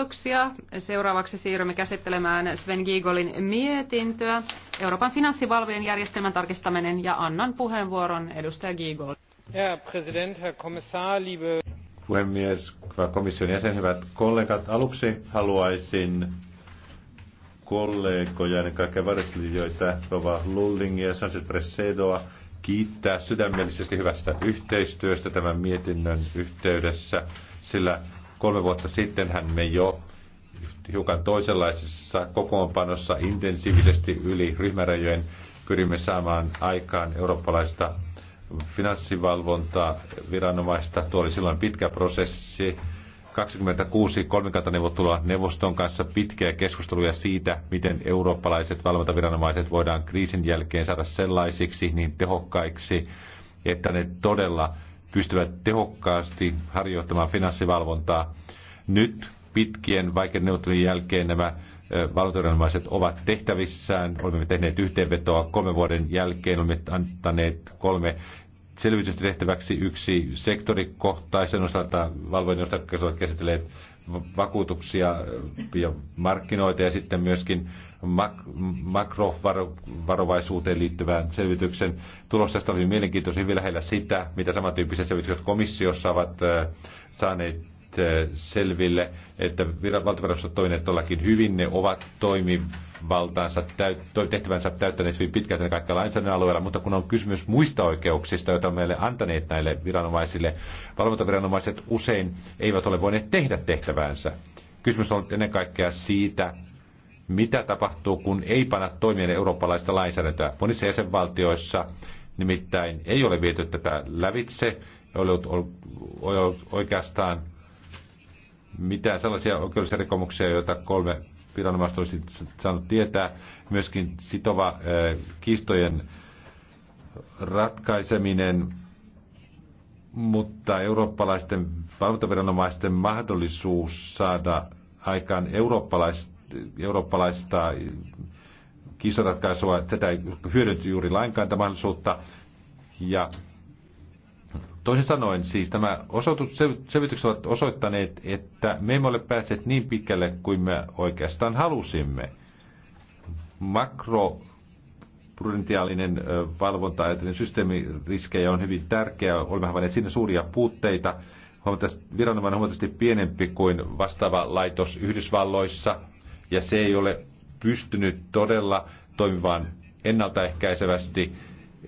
Kiitoksia. Seuraavaksi siirrymme käsittelemään Sven Giegolin mietintöä. Euroopan finanssivalvojen järjestelmän tarkistaminen ja annan puheenvuoron edustaja Giegol. Herr Präsident, Herr Kommissar, liebe... Puhemies, komission jäsen, hyvät kollegat. Aluksi haluaisin kollegoja, ennen kaikkea varjostelijoita, Rova Lulling ja Sanchez Presedoa, kiittää sydämellisesti hyvästä yhteistyöstä tämän mietinnön yhteydessä, sillä Kolme vuotta sittenhän me jo hiukan toisenlaisessa kokoonpanossa intensiivisesti yli ryhmärajojen pyrimme saamaan aikaan eurooppalaista finanssivalvontaa viranomaista. Tuo oli silloin pitkä prosessi. 26 kolmikantaneuvottelua neuvoston kanssa pitkiä keskusteluja siitä, miten eurooppalaiset valvontaviranomaiset voidaan kriisin jälkeen saada sellaisiksi niin tehokkaiksi, että ne todella pystyvät tehokkaasti harjoittamaan finanssivalvontaa. Nyt pitkien vaikeiden neuvottelujen jälkeen nämä valvontaviranomaiset ovat tehtävissään. Olemme tehneet yhteenvetoa kolmen vuoden jälkeen. Olemme antaneet kolme selvitystä tehtäväksi yksi sektorikohtaisen osalta valvojen osalta käsitelleet vakuutuksia ja markkinoita ja sitten myöskin mak- makrovarovaisuuteen liittyvän selvityksen tulos. Tästä oli mielenkiintoisen hyvin lähellä sitä, mitä samantyyppiset selvitykset komissiossa ovat saaneet Äh, selville, että valtavirastot toimineet todellakin hyvin, ne ovat toimivaltaansa tehtävänsä täyttäneet hyvin pitkälti kaikilla lainsäädännön alueella, mutta kun on kysymys muista oikeuksista, joita meille antaneet näille viranomaisille, valvontaviranomaiset usein eivät ole voineet tehdä tehtäväänsä. Kysymys on ennen kaikkea siitä, mitä tapahtuu, kun ei panna toimien eurooppalaista lainsäädäntöä. Monissa jäsenvaltioissa nimittäin ei ole viety tätä lävitse, ei ole ollut oikeastaan mitä sellaisia oikeudellisia rikomuksia, joita kolme viranomaista olisi saanut tietää. Myöskin sitova kistojen ratkaiseminen, mutta eurooppalaisten valvontaviranomaisten mahdollisuus saada aikaan eurooppalaista, eurooppalaista kiistoratkaisua, tätä ei hyödynty juuri lainkaan tätä mahdollisuutta. Ja Toisin sanoen, siis nämä osoitus, selvitykset ovat osoittaneet, että me emme ole päässeet niin pitkälle kuin me oikeastaan halusimme. Makroprudentiaalinen valvonta ajatellen systeemiriskejä on hyvin tärkeää. Olemme havainneet siinä suuria puutteita. Viranomainen on huomattavasti pienempi kuin vastaava laitos Yhdysvalloissa, ja se ei ole pystynyt todella toimimaan ennaltaehkäisevästi,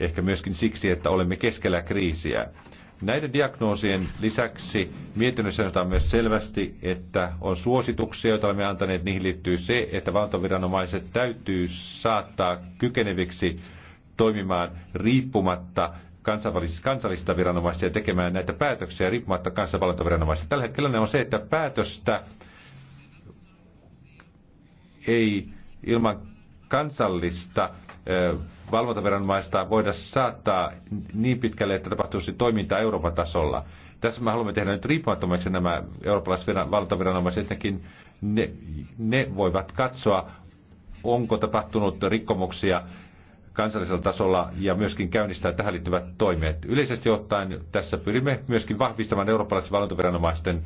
ehkä myöskin siksi, että olemme keskellä kriisiä. Näiden diagnoosien lisäksi mietinnössä sanotaan myös selvästi, että on suosituksia, joita olemme antaneet. Niihin liittyy se, että valtaviranomaiset täytyy saattaa kykeneviksi toimimaan riippumatta kansallista viranomaista ja tekemään näitä päätöksiä riippumatta viranomaisista. Tällä hetkellä ne on se, että päätöstä ei ilman kansallista valvontaviranomaista voida saattaa niin pitkälle, että tapahtuisi toimintaa Euroopan tasolla. Tässä me haluamme tehdä nyt riippumattomaksi nämä eurooppalaiset valvontaviranomaiset. Ensinnäkin ne, ne voivat katsoa, onko tapahtunut rikkomuksia kansallisella tasolla ja myöskin käynnistää tähän liittyvät toimet. Yleisesti ottaen tässä pyrimme myöskin vahvistamaan eurooppalaisten valvontaviranomaisten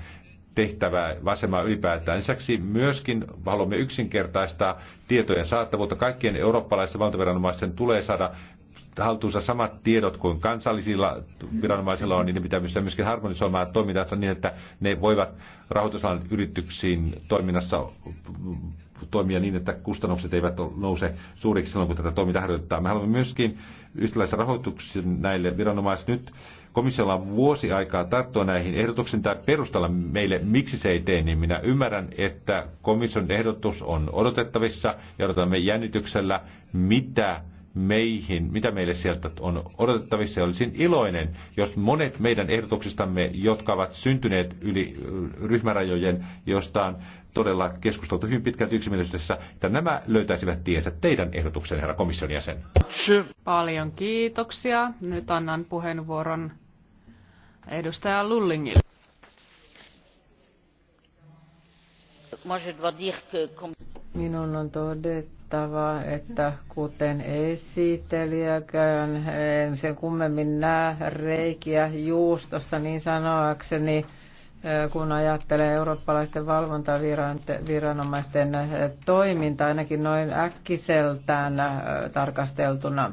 tehtävää vasemaa ylipäätään. Lisäksi myöskin haluamme yksinkertaistaa tietojen saattavuutta Kaikkien eurooppalaisten valtaviranomaisten tulee saada haltuunsa samat tiedot kuin kansallisilla viranomaisilla on, niin ne pitää pystyä myöskin harmonisoimaan toimintansa niin, että ne voivat rahoitusalan yrityksiin toiminnassa toimia niin, että kustannukset eivät nouse suuriksi silloin, kun tätä toimintaa harjoitetaan. Me haluamme myöskin yhtäläisen rahoituksen näille viranomaisille. Nyt Komissiolla on vuosi aikaa tarttua näihin ehdotuksiin tai perustella meille, miksi se ei tee, niin minä ymmärrän, että komission ehdotus on odotettavissa ja odotamme jännityksellä, mitä meihin, mitä meille sieltä on odotettavissa. Olisin iloinen, jos monet meidän ehdotuksistamme, jotka ovat syntyneet yli ryhmärajojen, on todella keskusteltu hyvin pitkälti yksimielisyydessä, että nämä löytäisivät tiensä teidän ehdotuksen, herra komission jäsen. Paljon kiitoksia. Nyt annan puheenvuoron edustaja Lullingille. Minun on todettava, että kuten esittelijäkään, en sen kummemmin näe reikiä juustossa niin sanoakseni, eh, kun ajattelee eurooppalaisten valvontaviranomaisten eh, toimintaa, ainakin noin äkkiseltään eh, tarkasteltuna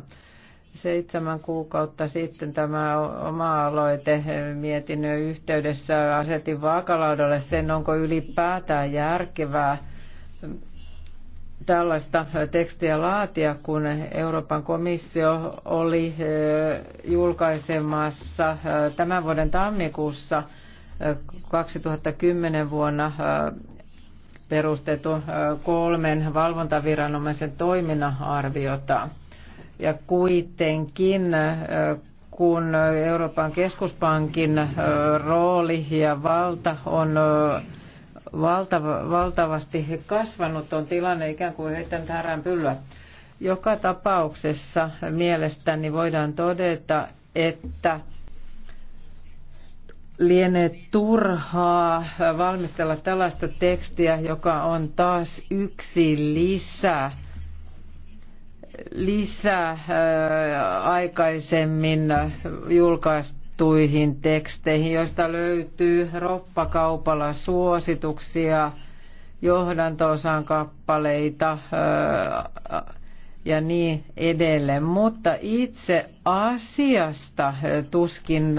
seitsemän kuukautta sitten tämä oma-aloite mietinnön yhteydessä asetin vaakalaudalle sen, onko ylipäätään järkevää tällaista tekstiä laatia, kun Euroopan komissio oli julkaisemassa tämän vuoden tammikuussa 2010 vuonna perustetun kolmen valvontaviranomaisen toiminnan arviota. Ja kuitenkin kun Euroopan keskuspankin rooli ja valta on valtava, valtavasti kasvanut, on tilanne ikään kuin heittänyt härän pyllyä. Joka tapauksessa mielestäni voidaan todeta, että lienee turhaa valmistella tällaista tekstiä, joka on taas yksi lisää lisää aikaisemmin julkaistuihin teksteihin, joista löytyy roppakaupalla suosituksia, johdanto-osan kappaleita ja niin edelleen. Mutta itse asiasta tuskin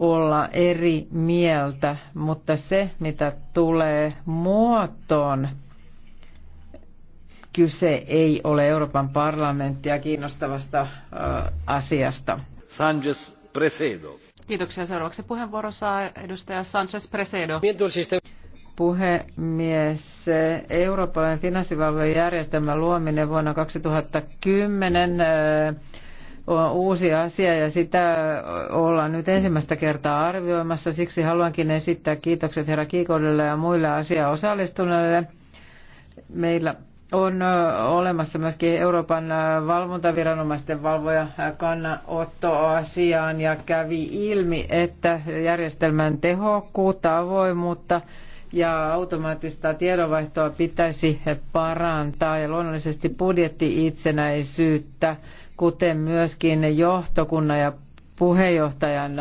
olla eri mieltä, mutta se mitä tulee muotoon, kyse ei ole Euroopan parlamenttia kiinnostavasta asiasta. Sanchez Presedo. Kiitoksia. Seuraavaksi puheenvuoro saa edustaja Sanchez Presedo. Puhemies, Euroopan finanssivalvojärjestelmän luominen vuonna 2010 on uusi asia ja sitä ollaan nyt ensimmäistä kertaa arvioimassa. Siksi haluankin esittää kiitokset herra Kiikodelle ja muille asiaosallistuneille. Meillä on olemassa myöskin Euroopan valvontaviranomaisten valvoja asiaan ja kävi ilmi, että järjestelmän tehokkuutta, avoimuutta ja automaattista tiedonvaihtoa pitäisi parantaa ja luonnollisesti budjetti-itsenäisyyttä, kuten myöskin johtokunnan ja puheenjohtajan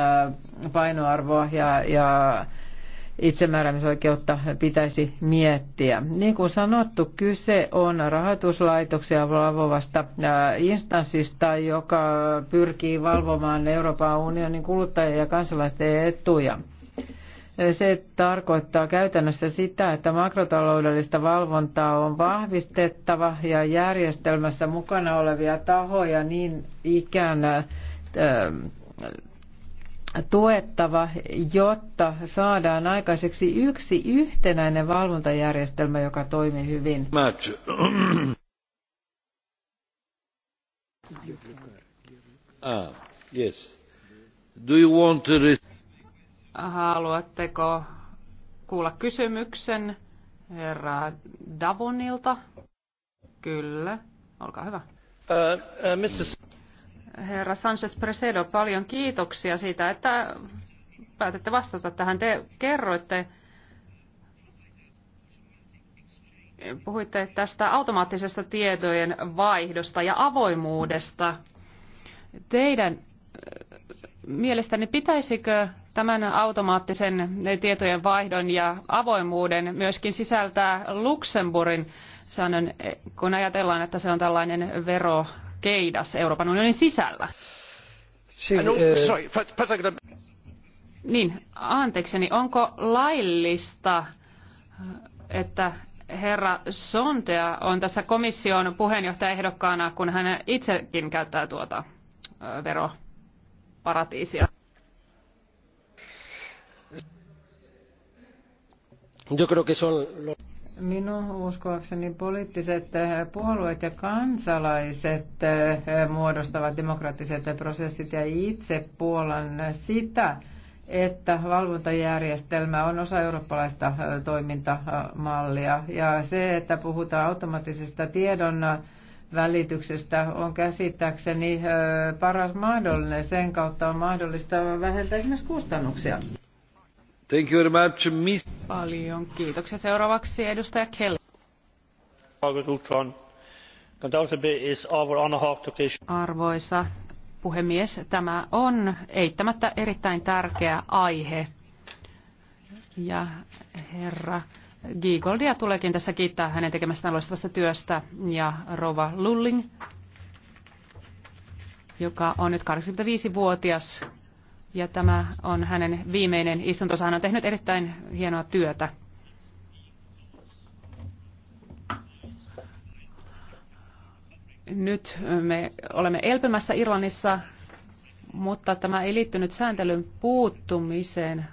painoarvoa ja, ja itsemääräämisoikeutta pitäisi miettiä. Niin kuin sanottu, kyse on rahoituslaitoksia valvovasta instanssista, joka pyrkii valvomaan Euroopan unionin kuluttajien ja kansalaisten etuja. Se tarkoittaa käytännössä sitä, että makrotaloudellista valvontaa on vahvistettava ja järjestelmässä mukana olevia tahoja niin ikään tuettava, jotta saadaan aikaiseksi yksi yhtenäinen valvontajärjestelmä, joka toimii hyvin. Match. ah, yes. Do you want to... Haluatteko kuulla kysymyksen herra Davonilta? Kyllä. Olkaa hyvä. Uh, uh, Mr. Herra Sanchez Presedo, paljon kiitoksia siitä, että päätätte vastata tähän. Te kerroitte, puhuitte tästä automaattisesta tietojen vaihdosta ja avoimuudesta. Teidän äh, mielestäni pitäisikö tämän automaattisen tietojen vaihdon ja avoimuuden myöskin sisältää Luxemburgin säännön, kun ajatellaan, että se on tällainen vero keidas Euroopan unionin sisällä. Si- ah, no, eh, niin, anteekseni, onko laillista, eh, että herra Sontea on tässä komission puheenjohtajaehdokkaana, kun hän itsekin käyttää tuota eh, veroparatiisia? Yo creo que son los... Minun uskoakseni poliittiset eh, puolueet ja kansalaiset eh, muodostavat demokraattiset prosessit ja itse puolan sitä, että valvontajärjestelmä on osa eurooppalaista eh, toimintamallia. Ja se, että puhutaan automaattisesta tiedon välityksestä, on käsittääkseni paras mahdollinen. Sen kautta on mahdollista vähentää esimerkiksi kustannuksia. Thank you very much, Paljon kiitoksia. Seuraavaksi edustaja Arvoisa puhemies, tämä on eittämättä erittäin tärkeä aihe. Ja herra Giegoldia tuleekin tässä kiittää hänen tekemästään loistavasta työstä ja Rova Lulling, joka on nyt 85-vuotias ja tämä on hänen viimeinen istuntonsa. Hän on tehnyt erittäin hienoa työtä. Nyt me olemme elpymässä Irlannissa, mutta tämä ei liittynyt sääntelyn puuttumiseen,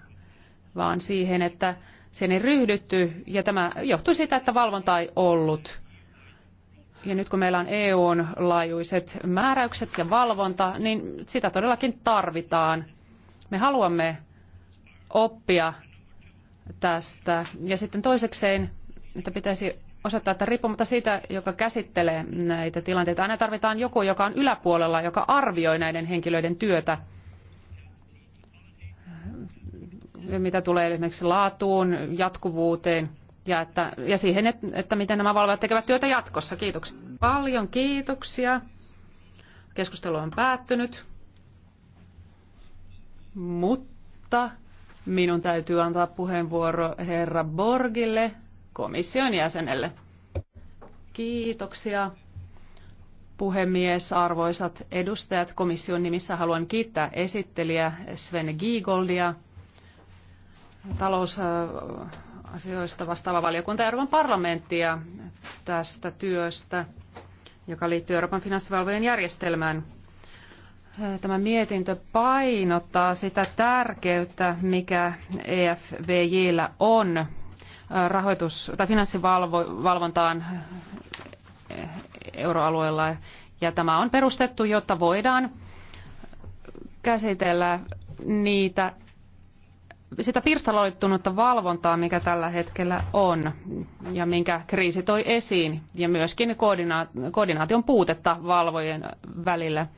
vaan siihen, että sen ei ryhdytty ja tämä johtui siitä, että valvonta ei ollut. Ja nyt kun meillä on EUn laajuiset määräykset ja valvonta, niin sitä todellakin tarvitaan – me haluamme oppia tästä. Ja sitten toisekseen, että pitäisi osoittaa, että riippumatta siitä, joka käsittelee näitä tilanteita, aina tarvitaan joku, joka on yläpuolella, joka arvioi näiden henkilöiden työtä. Mitä tulee esimerkiksi laatuun, jatkuvuuteen ja, että, ja siihen, että, että miten nämä valvojat tekevät työtä jatkossa. Kiitoksia. Paljon kiitoksia. Keskustelu on päättynyt mutta minun täytyy antaa puheenvuoro herra Borgille, komission jäsenelle. Kiitoksia puhemies, arvoisat edustajat. Komission nimissä haluan kiittää esittelijä Sven Giegoldia, talousasioista vastaava valiokunta Euroopan parlamenttia tästä työstä, joka liittyy Euroopan finanssivalvojen järjestelmään. Äh, tämä mietintö painottaa sitä tärkeyttä, mikä EFVJllä on äh, rahoitus- tai finanssivalvontaan äh, euroalueella. Ja tämä on perustettu, jotta voidaan käsitellä niitä, sitä pirstaloittunutta valvontaa, mikä tällä hetkellä on ja minkä kriisi toi esiin, ja myöskin koordinaation puutetta valvojen välillä –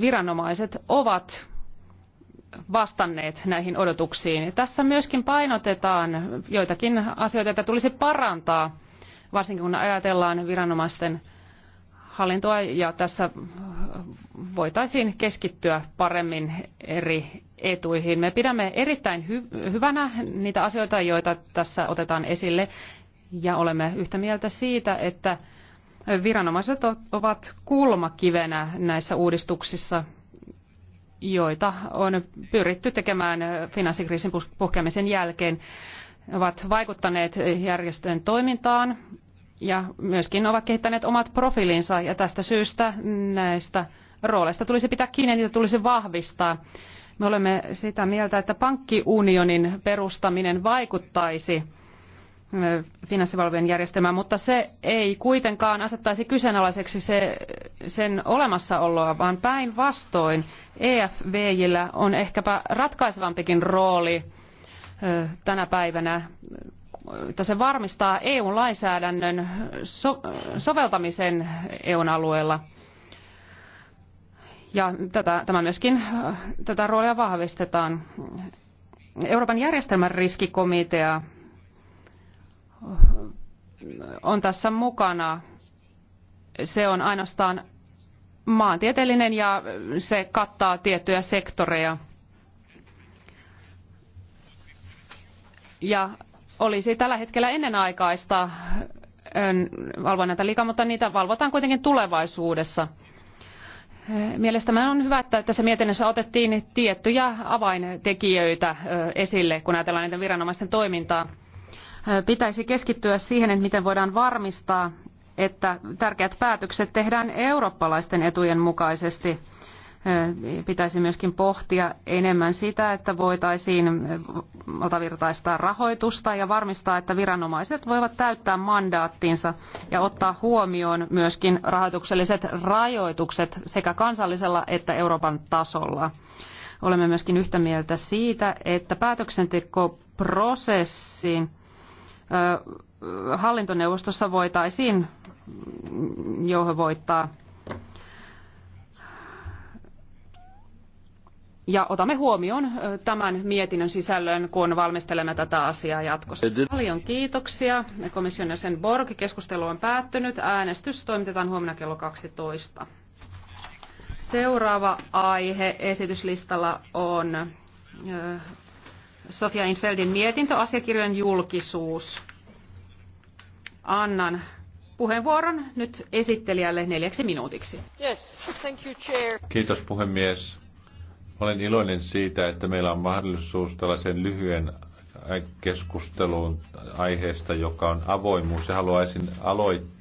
viranomaiset ovat vastanneet näihin odotuksiin. Tässä myöskin painotetaan joitakin asioita, joita tulisi parantaa, varsinkin kun ajatellaan viranomaisten hallintoa ja tässä voitaisiin keskittyä paremmin eri etuihin. Me pidämme erittäin hy- hyvänä niitä asioita, joita tässä otetaan esille ja olemme yhtä mieltä siitä, että Viranomaiset ovat kulmakivenä näissä uudistuksissa, joita on pyritty tekemään finanssikriisin puhkeamisen jälkeen. Ovat vaikuttaneet järjestöjen toimintaan ja myöskin ovat kehittäneet omat profiilinsa ja tästä syystä näistä rooleista tulisi pitää kiinni ja niitä tulisi vahvistaa. Me olemme sitä mieltä, että pankkiunionin perustaminen vaikuttaisi finanssivalvojen järjestelmää, mutta se ei kuitenkaan asettaisi kyseenalaiseksi se, sen olemassaoloa, vaan päinvastoin EFVjillä on ehkäpä ratkaisevampikin rooli tänä päivänä, että se varmistaa EU-lainsäädännön so soveltamisen EUn alueella. Ja tätä, tämä myöskin, tätä roolia vahvistetaan. Euroopan järjestelmän riskikomitea on tässä mukana. Se on ainoastaan maantieteellinen ja se kattaa tiettyjä sektoreja. Ja olisi tällä hetkellä ennenaikaista valvoa näitä liikaa, mutta niitä valvotaan kuitenkin tulevaisuudessa. Mielestäni on hyvä, että tässä mietinnössä otettiin tiettyjä avaintekijöitä esille, kun ajatellaan näiden viranomaisten toimintaa pitäisi keskittyä siihen, että miten voidaan varmistaa, että tärkeät päätökset tehdään eurooppalaisten etujen mukaisesti. Pitäisi myöskin pohtia enemmän sitä, että voitaisiin otavirtaistaa rahoitusta ja varmistaa, että viranomaiset voivat täyttää mandaattinsa ja ottaa huomioon myöskin rahoitukselliset rajoitukset sekä kansallisella että Euroopan tasolla. Olemme myöskin yhtä mieltä siitä, että päätöksentekoprosessin hallintoneuvostossa voitaisiin jouhevoittaa. Ja otamme huomioon tämän mietinnön sisällön, kun valmistelemme tätä asiaa jatkossa. Paljon kiitoksia. Komission jäsen Borg, keskustelu on päättynyt. Äänestys toimitetaan huomenna kello 12. Seuraava aihe esityslistalla on Sofia Infeldin mietintö, asiakirjojen julkisuus. Annan puheenvuoron nyt esittelijälle neljäksi minuutiksi. Yes, thank you, chair. Kiitos puhemies. Olen iloinen siitä, että meillä on mahdollisuus tällaisen lyhyen keskusteluun aiheesta, joka on avoimuus. Ja haluaisin aloittaa